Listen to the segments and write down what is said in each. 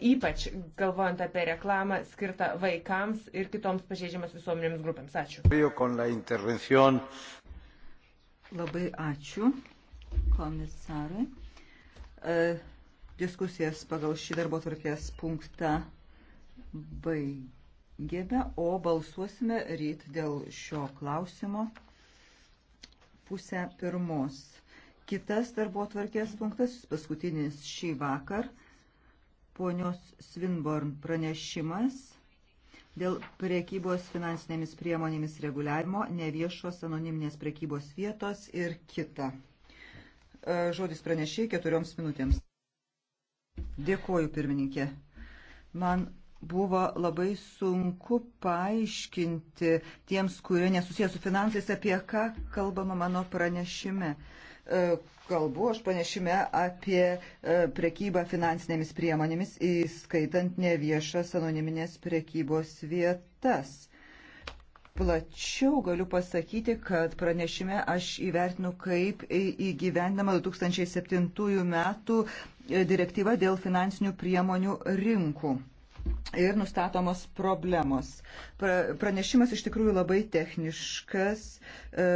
ypač galvojant apie reklamą skirtą vaikams ir kitoms pažeidžiamas visuomenėms grupėms. Ačiū. Labai ačiū komisarui. E, diskusijas pagal šį darbo tvarkės punktą baigėme, o balsuosime ryt dėl šio klausimo pusę pirmos. Kitas darbo tvarkės punktas, paskutinis šį vakar ponios Svinborn pranešimas dėl priekybos finansinėmis priemonėmis reguliavimo, neviešos anoniminės priekybos vietos ir kita. E, žodis pranešiai keturioms minutėms. Dėkoju, pirmininkė. Man buvo labai sunku paaiškinti tiems, kurie nesusijęs su finansais, apie ką kalbama mano pranešime. Uh, E, kalbu aš pranešime apie e, prekybą finansinėmis priemonėmis, įskaitant neviešas anoniminės prekybos vietas. Plačiau galiu pasakyti, kad pranešime aš įvertinu, kaip įgyvendama 2007 metų e, direktyva dėl finansinių priemonių rinkų ir nustatomos problemos. Pranešimas iš tikrųjų labai techniškas, e,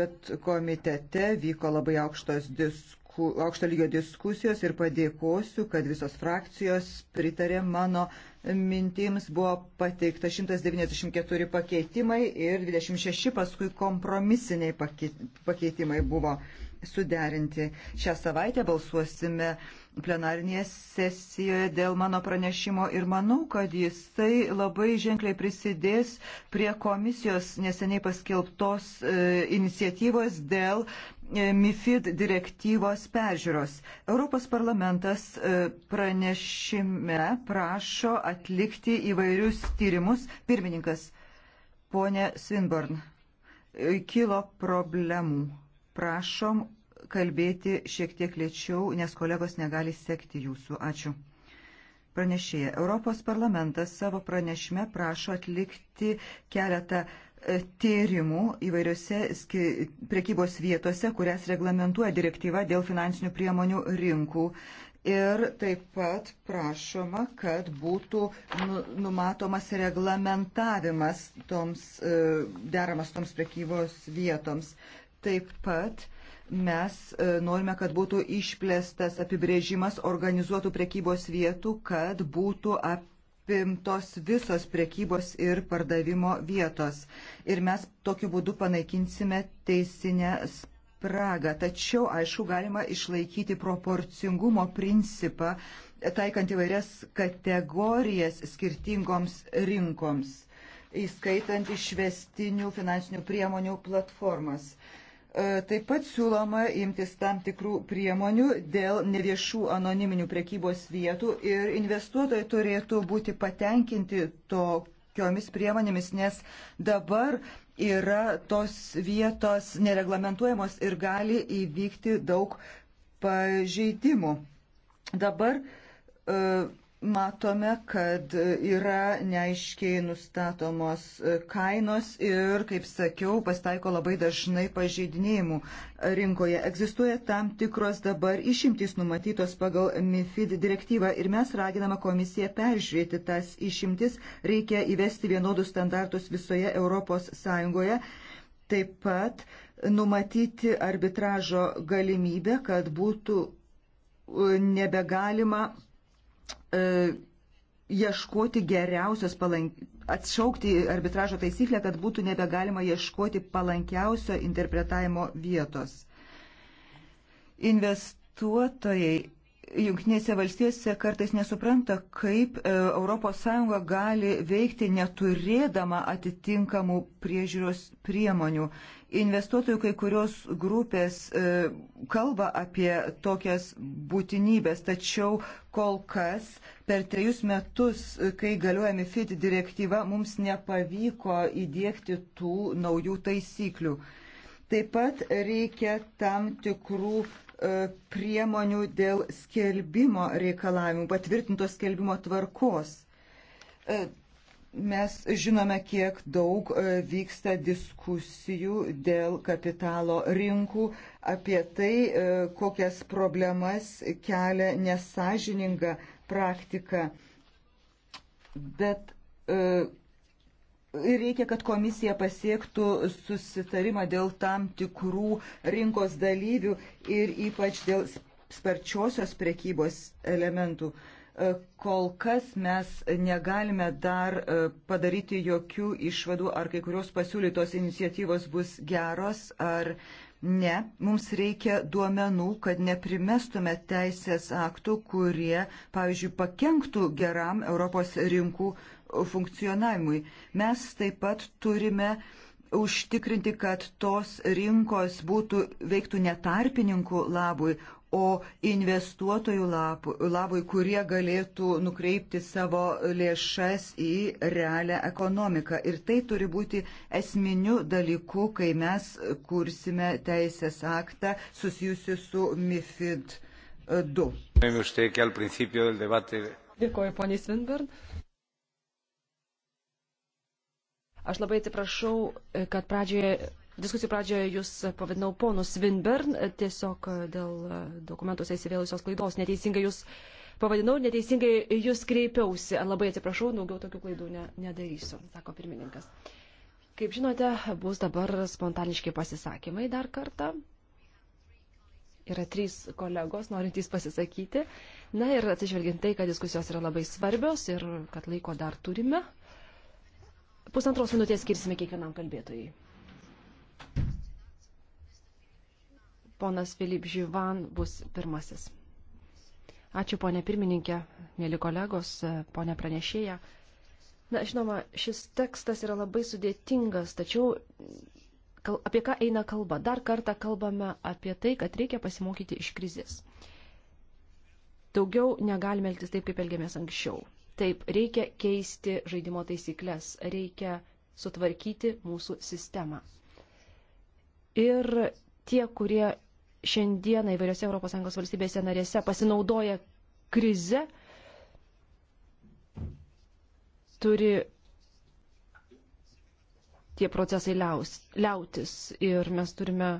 bet komitete vyko labai aukštos diskusijos disku, aukšto lygio diskusijos ir padėkosiu, kad visos frakcijos pritarė mano mintims. Buvo pateikta 194 pakeitimai ir 26 paskui kompromisiniai pakeitimai buvo suderinti. Šią savaitę balsuosime plenarinėje sesijoje dėl mano pranešimo ir manau, kad jisai labai ženkliai prisidės prie komisijos neseniai paskelbtos e, iniciatyvos dėl E, MIFID direktyvos peržiūros. Europos parlamentas e, pranešime prašo atlikti įvairius tyrimus. Pirmininkas, ponė Svinborn, e, kilo problemų. Prašom kalbėti šiek tiek lėčiau, nes kolegos negali sekti jūsų. Ačiū. Pranešėja, Europos parlamentas savo pranešime prašo atlikti keletą uh, tyrimų įvairiose prekybos vietose, kurias reglamentuoja direktyva dėl finansinių priemonių rinkų. Ir taip pat prašoma, kad būtų nu, numatomas reglamentavimas toms, e, deramas toms prekybos vietoms. Taip pat mes e, norime, kad būtų išplėstas apibrėžimas organizuotų prekybos vietų, kad būtų apie apimtos visos prekybos ir pardavimo vietos. Ir mes tokiu būdu panaikinsime teisinę spragą. Tačiau, aišku, galima išlaikyti proporcingumo principą, taikant įvairias kategorijas skirtingoms rinkoms, įskaitant išvestinių finansinių priemonių platformas. Uh, E, taip pat siūloma imtis tam tikrų priemonių dėl neviešų anoniminių prekybos vietų ir investuotojai turėtų būti patenkinti tokiomis priemonėmis, nes dabar yra tos vietos nereglamentuojamos ir gali įvykti daug pažeidimų. Dabar uh, matome, kad yra neaiškiai nustatomos kainos ir, kaip sakiau, pastaiko labai dažnai pažeidinėjimų rinkoje. Egzistuoja tam tikros dabar išimtys numatytos pagal MIFID direktyvą ir mes raginame komisiją peržiūrėti tas išimtis. Reikia įvesti vienodus standartus visoje ES. Taip pat numatyti arbitražo galimybę, kad būtų nebegalima E, ieškoti geriausios palank... atšaukti arbitražo taisyklę, kad būtų nebegalima ieškoti palankiausio interpretavimo vietos. Investuotojai Junktinėse valstijose kartais nesupranta, kaip ES gali veikti neturėdama atitinkamų priežiūros priemonių. Investuotojų kai kurios grupės e, kalba apie tokias būtinybės, tačiau kol kas per trejus metus, e, kai galioja MIFID direktyva, mums nepavyko įdėkti tų naujų taisyklių. Taip pat reikia tam tikrų E, priemonių dėl skelbimo reikalavimų, patvirtintos skelbimo tvarkos. E, mes žinome, kiek daug e, vyksta diskusijų dėl kapitalo rinkų, apie tai, kokias problemas kelia nesažininga praktika. Bet Reikia, kad komisija pasiektų susitarimą dėl tam tikrų rinkos dalyvių ir ypač dėl sparčiosios prekybos elementų. E, kol kas mes negalime dar e, padaryti jokių išvadų, ar kai kurios pasiūlytos iniciatyvos bus geros ar ne. Mums reikia duomenų, kad neprimestume teisės aktų, kurie, pavyzdžiui, pakenktų geram Europos rinkų funkcionavimui. Mes taip pat turime užtikrinti, kad tos rinkos būtų, veiktų ne tarpininkų labui, o investuotojų labui, kurie galėtų nukreipti savo lėšas į realią ekonomiką. Ir tai turi būti esminiu dalyku, kai mes kursime teisės aktą susijusiu su MIFID 2. Dėkuoju, poniai Svinberg. Aš labai atsiprašau, e, kad pradžioje, diskusijų pradžioje jūs pavadinau ponu Svinbern, e, tiesiog e, dėl dokumentuose įsivėlusios klaidos. Neteisingai jūs pavadinau, neteisingai jūs kreipiausi. Labai atsiprašau, daugiau tokių klaidų ne, nedarysiu, sako pirmininkas. Kaip žinote, bus dabar spontaniški pasisakymai dar kartą. Yra trys kolegos norintys pasisakyti. Na ir atsižvelgiant tai, kad diskusijos yra labai svarbios ir kad laiko dar turime, Pusantros minutės skirsime kiekvienam kalbėtojai. Ponas Filip Žyvan bus pirmasis. Ačiū, ponė pirmininkė, mėly kolegos, ponė pranešėja. Na, žinoma, šis tekstas yra labai sudėtingas, tačiau kal, apie ką eina kalba? Dar kartą kalbame apie tai, kad reikia pasimokyti iš krizės. Daugiau negalime elgtis taip, kaip elgėmės anksčiau. Taip, reikia keisti žaidimo taisyklės, reikia sutvarkyti mūsų sistemą. Ir tie, kurie šiandieną įvairiose ES valstybėse narėse pasinaudoja krize, turi tie procesai liaus, liautis. Ir mes turime.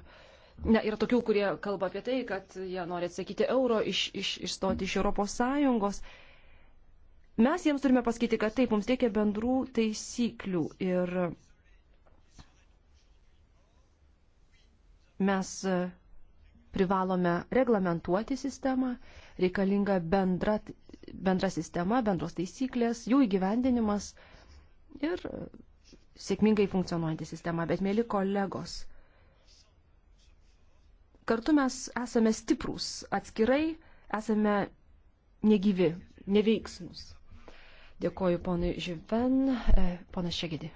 Ne, yra tokių, kurie kalba apie tai, kad jie nori atsakyti euro, iš, iš, išstoti iš ES. Mes jiems turime pasakyti, kad taip, mums reikia bendrų taisyklių ir mes privalome reglamentuoti sistemą, reikalinga bendra, bendra sistema, bendros taisyklės, jų įgyvendinimas ir sėkmingai funkcionuojanti sistema. Bet, mėly kolegos, kartu mes esame stiprūs, atskirai esame negyvi, neveiksmus. Dėkoju ponui Živen, e, ponas Šegidį.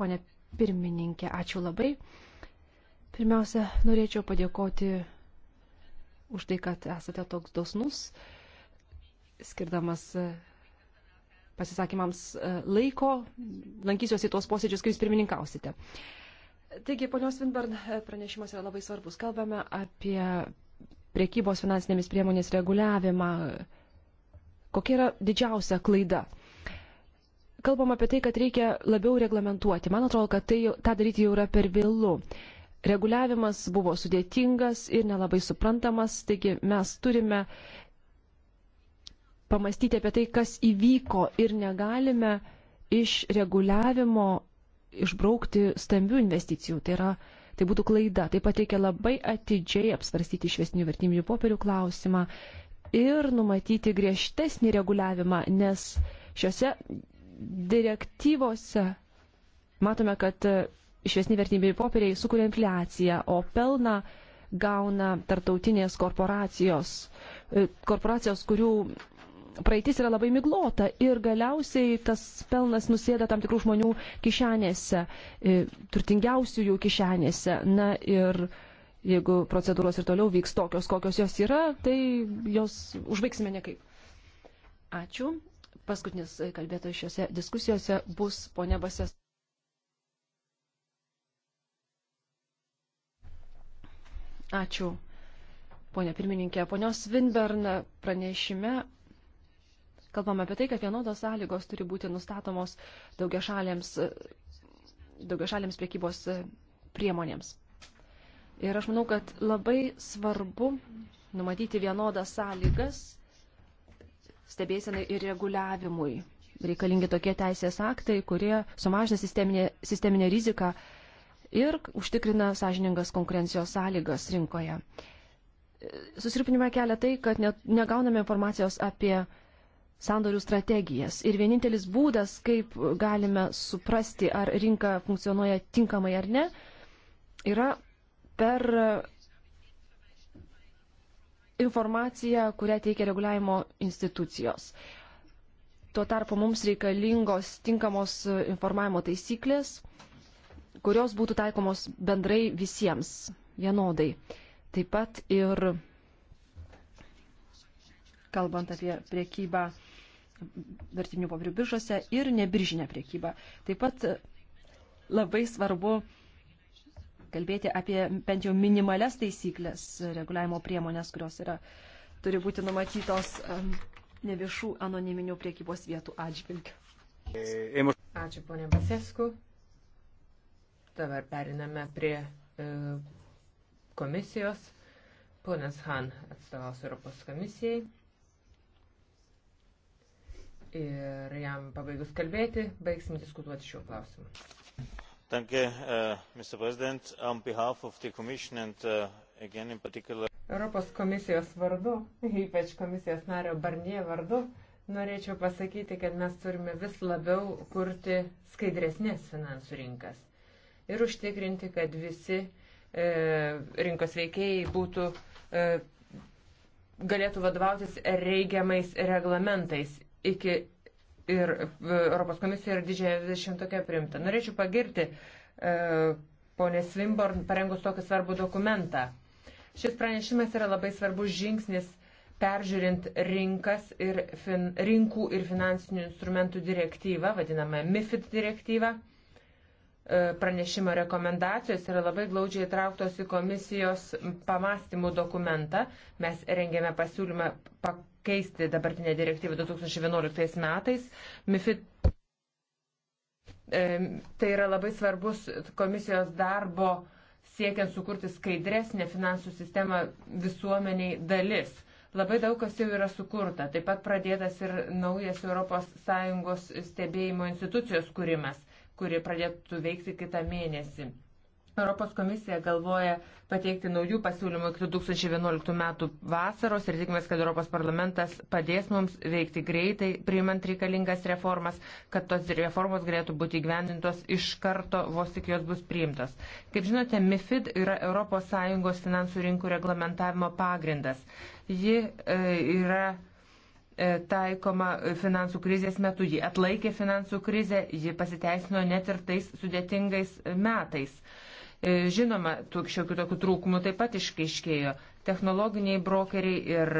Pone pirmininkė, ačiū labai. Pirmiausia, norėčiau padėkoti už tai, kad esate toks dosnus, skirdamas e, pasisakymams e, laiko, lankysiuosi tuos posėdžius, kai jūs pirmininkausite. Uh, Taigi, ponios Vinbern pranešimas yra labai svarbus. Kalbame apie priekybos finansinėmis priemonės reguliavimą. Kokia yra didžiausia klaida? Kalbam apie tai, kad reikia labiau reglamentuoti. Man atrodo, kad tai, tą daryti jau yra per vėlų. Reguliavimas buvo sudėtingas ir nelabai suprantamas, taigi mes turime pamastyti apie tai, kas įvyko ir negalime iš reguliavimo išbraukti stambių investicijų. Tai, yra, tai būtų klaida. Taip pat reikia labai atidžiai apsvarstyti išvesnių vertybinių popierių klausimą ir numatyti griežtesnį reguliavimą, nes šiuose direktyvose matome, kad išvesni vertybiniai popieriai sukuria infliaciją, o pelną gauna tartautinės korporacijos, e, korporacijos, kurių praeitis yra labai miglota ir galiausiai tas pelnas nusėda tam tikrų žmonių kišenėse, e, turtingiausiųjų kišenėse. Na ir jeigu procedūros ir toliau vyks tokios, kokios jos yra, tai jos užveiksime nekaip. Ačiū. Paskutinis kalbėtojas šiuose diskusijose bus ponė Basės. Ačiū. Pone pirmininkė, ponios Vinberna pranešime Kalbame apie tai, kad vienodos sąlygos turi būti nustatomos daugiašalėms, daugiašalėms priekybos priemonėms. Ir aš manau, kad labai svarbu numatyti vienodas sąlygas stebėsenai ir reguliavimui. Reikalingi tokie teisės aktai, kurie sumažina sisteminę, sisteminę riziką ir užtikrina sąžiningas konkurencijos sąlygas rinkoje. Susirūpinimą kelia tai, kad net, negauname informacijos apie sandorių strategijas. Ir vienintelis būdas, kaip galime suprasti, ar rinka funkcionuoja tinkamai ar ne, yra per informaciją, kurią teikia reguliavimo institucijos. Tuo tarpu mums reikalingos tinkamos informavimo taisyklės, kurios būtų taikomos bendrai visiems vienodai. Taip pat ir kalbant apie priekybą vertinių popierių biržose ir nebiržinę priekybą. Taip pat labai svarbu kalbėti apie bent jau minimales taisyklės reguliavimo priemonės, kurios yra, turi būti numatytos um, neviešų anoniminių priekybos vietų atžvilgių. Ačiū ponė Basesku. Dabar periname prie e, komisijos. Ponas Han atstovaus Europos komisijai ir jam pabaigus kalbėti, baigsime diskutuoti šiuo klausimu. Danke, uh, Mr. President. On behalf of the Commission and uh, again in particular. Europos komisijos vardu, ypač komisijos nario Barnie vardu, norėčiau pasakyti, kad mes turime vis labiau kurti skaidresnės finansų rinkas ir užtikrinti, kad visi e, rinkos veikėjai būtų, e, galėtų vadovautis reikiamais reglamentais iki ir e, Europos komisija ir didžiąją 20 tokia primta. Norėčiau pagirti e, ponė Svimborn parengus tokį svarbų dokumentą. Šis pranešimas yra labai svarbus žingsnis peržiūrint rinkas ir fin, rinkų ir finansinių instrumentų direktyvą, vadinamą MIFID direktyvą. E, pranešimo rekomendacijos yra labai glaudžiai įtrauktos į komisijos pamastymų dokumentą. Mes rengėme pasiūlymą pakeisti dabartinę direktyvą 2011 metais. MIFID e, Tai yra labai svarbus komisijos darbo siekiant sukurti skaidresnę finansų sistemą visuomeniai dalis. Labai daug kas jau yra sukurta. Taip pat pradėtas ir naujas ES stebėjimo institucijos kūrimas kuri pradėtų veikti kitą mėnesį. Europos komisija galvoja pateikti naujų pasiūlymų iki 2011 metų vasaros ir tikimės, kad Europos parlamentas padės mums veikti greitai, priimant reikalingas reformas, kad tos reformos galėtų būti įgyvendintos iš karto, vos tik jos bus priimtos. Kaip žinote, MIFID yra ES finansų rinkų reglamentavimo pagrindas. Ji e, yra E, taikoma finansų krizės metu. Ji atlaikė finansų krizę, ji pasiteisino net ir tais sudėtingais metais. E, žinoma, šiokių tokių trūkumų taip pat iškaiškėjo. Technologiniai brokeriai ir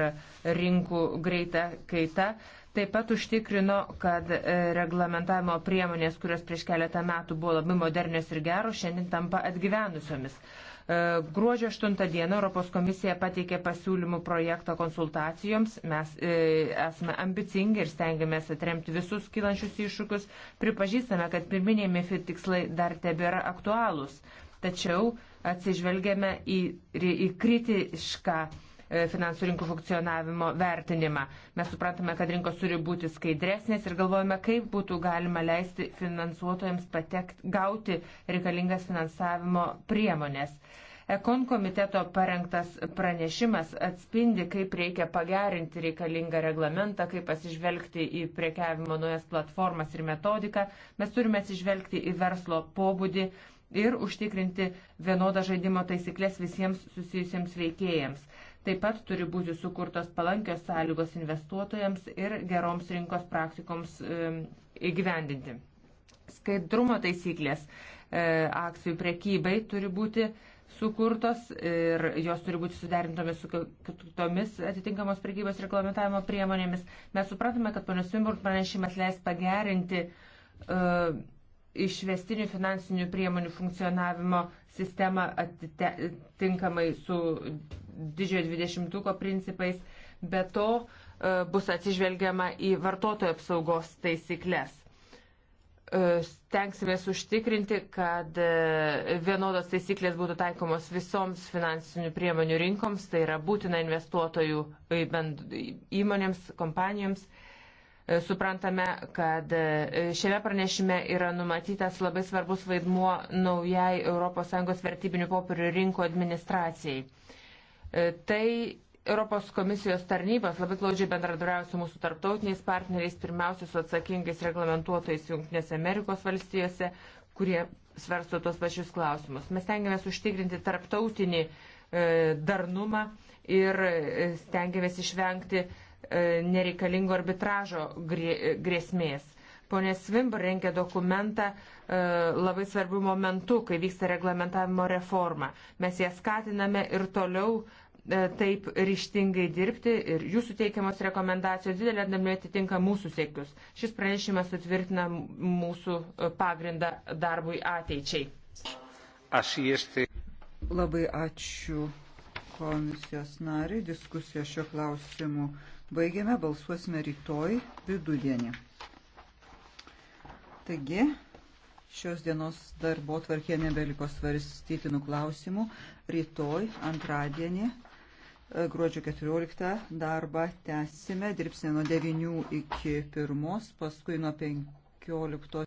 rinkų greita kaita taip pat užtikrino, kad e, reglamentavimo priemonės, kurios prieš keletą metų buvo labai modernios ir geros, šiandien tampa atgyvenusiomis. E, gruodžio 8 dieną Europos komisija pateikė pasiūlymų projektą konsultacijoms. Mes e, esame ambicingi ir stengiamės atremti visus kilančius iššūkius. Pripažįstame, kad pirminiai MIFID tikslai dar tebėra aktualūs. Tačiau atsižvelgiame į, į kritišką E, finansų rinkų funkcionavimo vertinimą. Mes suprantame, kad rinkos turi būti skaidresnės ir galvojame, kaip būtų galima leisti finansuotojams patekt, gauti reikalingas finansavimo priemonės. Ekon komiteto parengtas pranešimas atspindi, kaip reikia pagerinti reikalingą reglamentą, kaip atsižvelgti į prekiavimo naujas platformas ir metodiką. Mes turime atsižvelgti į verslo pobūdį ir užtikrinti vienodą žaidimo taisyklės visiems susijusiems veikėjams. Taip pat turi būti sukurtos palankios sąlygos investuotojams ir geroms rinkos praktikoms įgyvendinti. Skaidrumo taisyklės e, akcijų prekybai turi būti sukurtos ir jos turi būti suderintomis su kitomis atitinkamos prekybos reglamentavimo priemonėmis. Mes supratome, kad ponios Vimburg pranešimas leis pagerinti uh, išvestinių finansinių priemonių funkcionavimo sistemą atitinkamai su didžiojo dvidešimtuko principais, bet to e, bus atsižvelgiama į vartotojų apsaugos taisyklės. E, stengsimės užtikrinti, kad e, vienodos taisyklės būtų taikomos visoms finansinių priemonių rinkoms, tai yra būtina investuotojų įmonėms, kompanijoms suprantame, kad šiame pranešime yra numatytas labai svarbus vaidmuo naujai ES vertybinių popierių rinko administracijai. E, tai Europos komisijos tarnybos labai glaudžiai bendradarbiauja su mūsų tarptautiniais partneriais, pirmiausia su atsakingais reglamentuotojais Junktinėse Amerikos valstijose, kurie svarsto tos pačius klausimus. Mes tengiamės užtikrinti tarptautinį e, darnumą ir e, stengiamės išvengti e, nereikalingo arbitražo grė, grėsmės. Pone Svimb rengia dokumentą E, labai svarbių momentų, kai vyksta reglamentavimo reforma. Mes ją skatiname ir toliau e, taip ryštingai dirbti ir jūsų teikiamos rekomendacijos didelė dalimi atitinka mūsų siekius. Šis pranešimas sutvirtina mūsų e, pagrindą darbui ateičiai. Labai ačiū komisijos nariai. Diskusiją šio klausimu baigiame. Balsuosime rytoj vidudienį. Taigi. Šios dienos darbo tvarkė nebeliko svarstytinų klausimų. Rytoj, antradienį, e, gruodžio 14 darbą tęsime. Dirbsime nuo 9 iki 1, paskui nuo 15.